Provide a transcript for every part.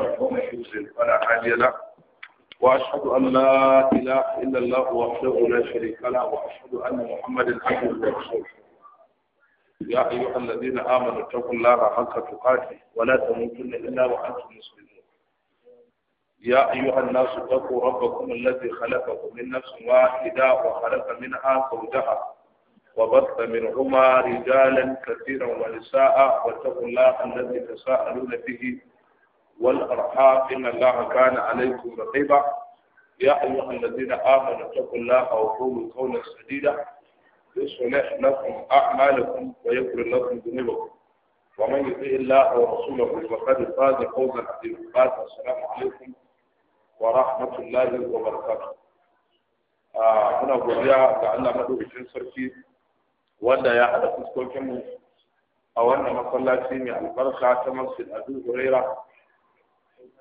الله ومن يضلل فلا هادي له واشهد ان لا اله الا الله وحده لا شريك له واشهد ان محمدا عبده ورسوله يا ايها الذين امنوا اتقوا الله حق تقاته ولا تموتن الا وانتم مسلمون يا ايها الناس اتقوا ربكم الذي خلقكم من نفس واحده وخلق منها زوجها وبث منهما رجالا كثيرا ونساء واتقوا الله الذي تساءلون به والأرحام إن الله كان عليكم رقيبا يا أيها الذين آمنوا اتقوا الله وقولوا قولا سديدا يصلح لكم أعمالكم ويغفر لكم ذنوبكم ومن يطيع الله ورسوله فقد فاز فوزا عظيما السلام عليكم ورحمة الله وبركاته muna godiya ga Allah madaukakin sarki wanda ya haɗa fuskokinmu a wannan masallaci mai albarka ta masjid Abu Huraira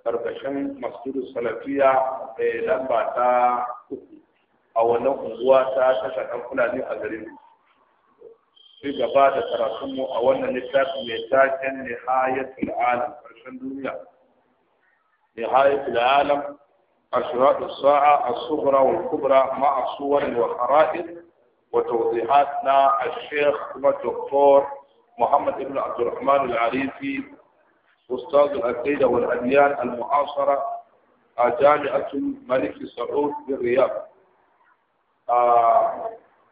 karkashin masjidu salafiya mai eh, lamba ta uku a wannan unguwa ta tashar ɗan fulani a garin ci gaba da karatunmu a wannan littafi mai taken nihayatul a karshen duniya nihayatul alam أشراط الساعة الصغرى والكبرى مع صور وخرائط وتوضيحاتنا الشيخ الدكتور محمد بن عبد الرحمن العريفي أستاذ العقيدة والأديان المعاصرة جامعة الملك سعود بالرياض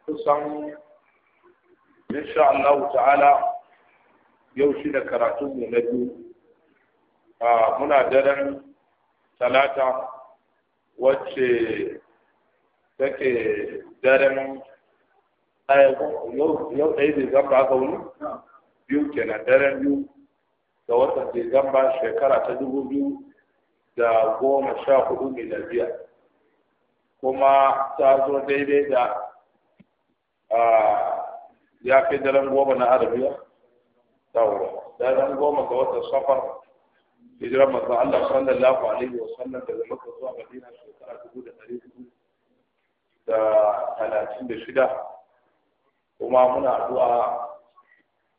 kusan insha Allah ta'ala yau shi da karatunmu na biyu muna daren talata wacce take daren yau ɗaya da aka wuni biyu kenan daren biyu da watan Disamba shekara ta dubu biyu da goma sha hudu miladiya kuma ta zo daidai da ya fi daren goma na arabiya wuri daren goma ga watan safar hijira masu Allah sallallahu alaihi wa sallam zama Makka zuwa Madina shekara dubu da dari dubu da talatin da shida kuma muna addu'a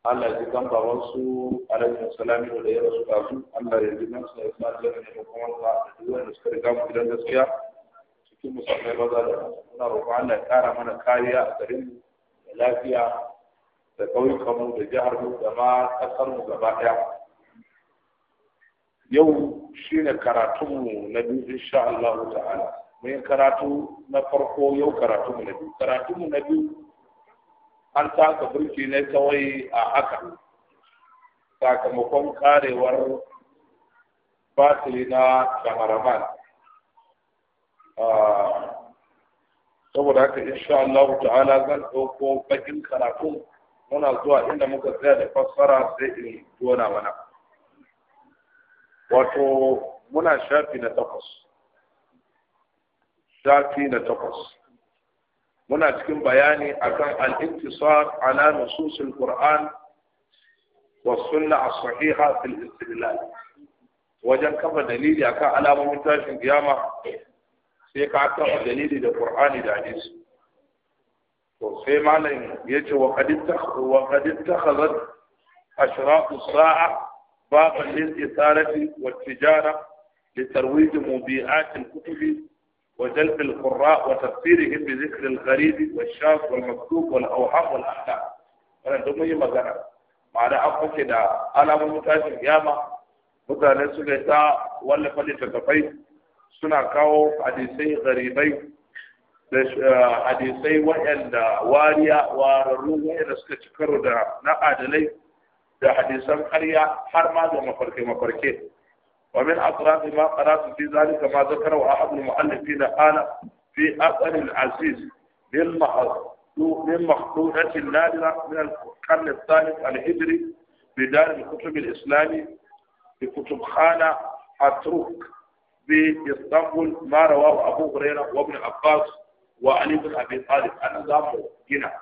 Allah ya ji kan baban su alaihi salamu da ya rasu kasu Allah ya ji nan sai sa da ne kuma da duk da suka riga mu gidan gaskiya cikin musamman maza da muna roƙon Allah ya ƙara mana kariya a garin da lafiya da ƙauyukan mu da jihar mu da ma ƙasar mu gaba ɗaya yau shine karatunmu na biyu insha Allah ta'ala mun karatu na farko yau karatunmu na biyu karatunmu na biyu an taka burki ne kawai a haka sakamakon karewar batiri na kamaraman ah, saboda haka insha Allah ta'ala zan ɗauko bakin karatu muna zuwa inda muka tsaya da fassara sai in tona mana wato muna shafi na takwas shafi na takwas muna cikin bayani akan al-ittisar ala nususil qur'an wa sunna as-sahiha fil istidlal wajen kafa dalili akan alamomin tashin kiyama sai ka kafa dalili da qur'ani da hadisi to sai Malam yace wa qad wa qad ittakhadhat ashraq as-sa'a baban lil-isarati wat-tijara litarwij mubi'at al-kutubi وجلب القراء وتفسيرهم بذكر الغريب والشاذ والمكتوب والأوهام والأحلام wannan duk muyi magana ma'ana an fashe da alamomin tashin kiyama mutane su ne ta wallafa littattafai suna kawo hadisai garibai da hadisai waɗanda wariya wararru waɗanda suka ci karo da na adalai da hadisan ƙarya har ma da mafarke mafarke ومن أطراف ما قرأت في ذلك ما ذكره أحد المؤلفين قال في أثر العزيز للمخطوطة النادرة من القرن الثالث الهجري بدار الكتب الإسلامي بكتب خانة أتروك إسطنبول ما رواه أبو هريرة وابن عباس وعلي بن أبي طالب أنا زامو هنا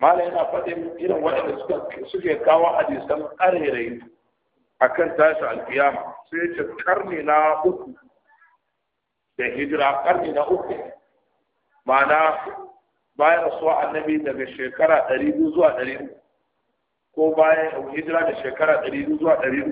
ما لنا فدم إلى واحد سكت سكت كوا حديثا أرهرين akan tashi alkiyama sai ya ce karni na uku da hijira karni na uku ma'ana bayan rasuwa annabi daga shekara ɗari biyu zuwa ɗari ko bayan hijira da shekara ɗari biyu zuwa ɗari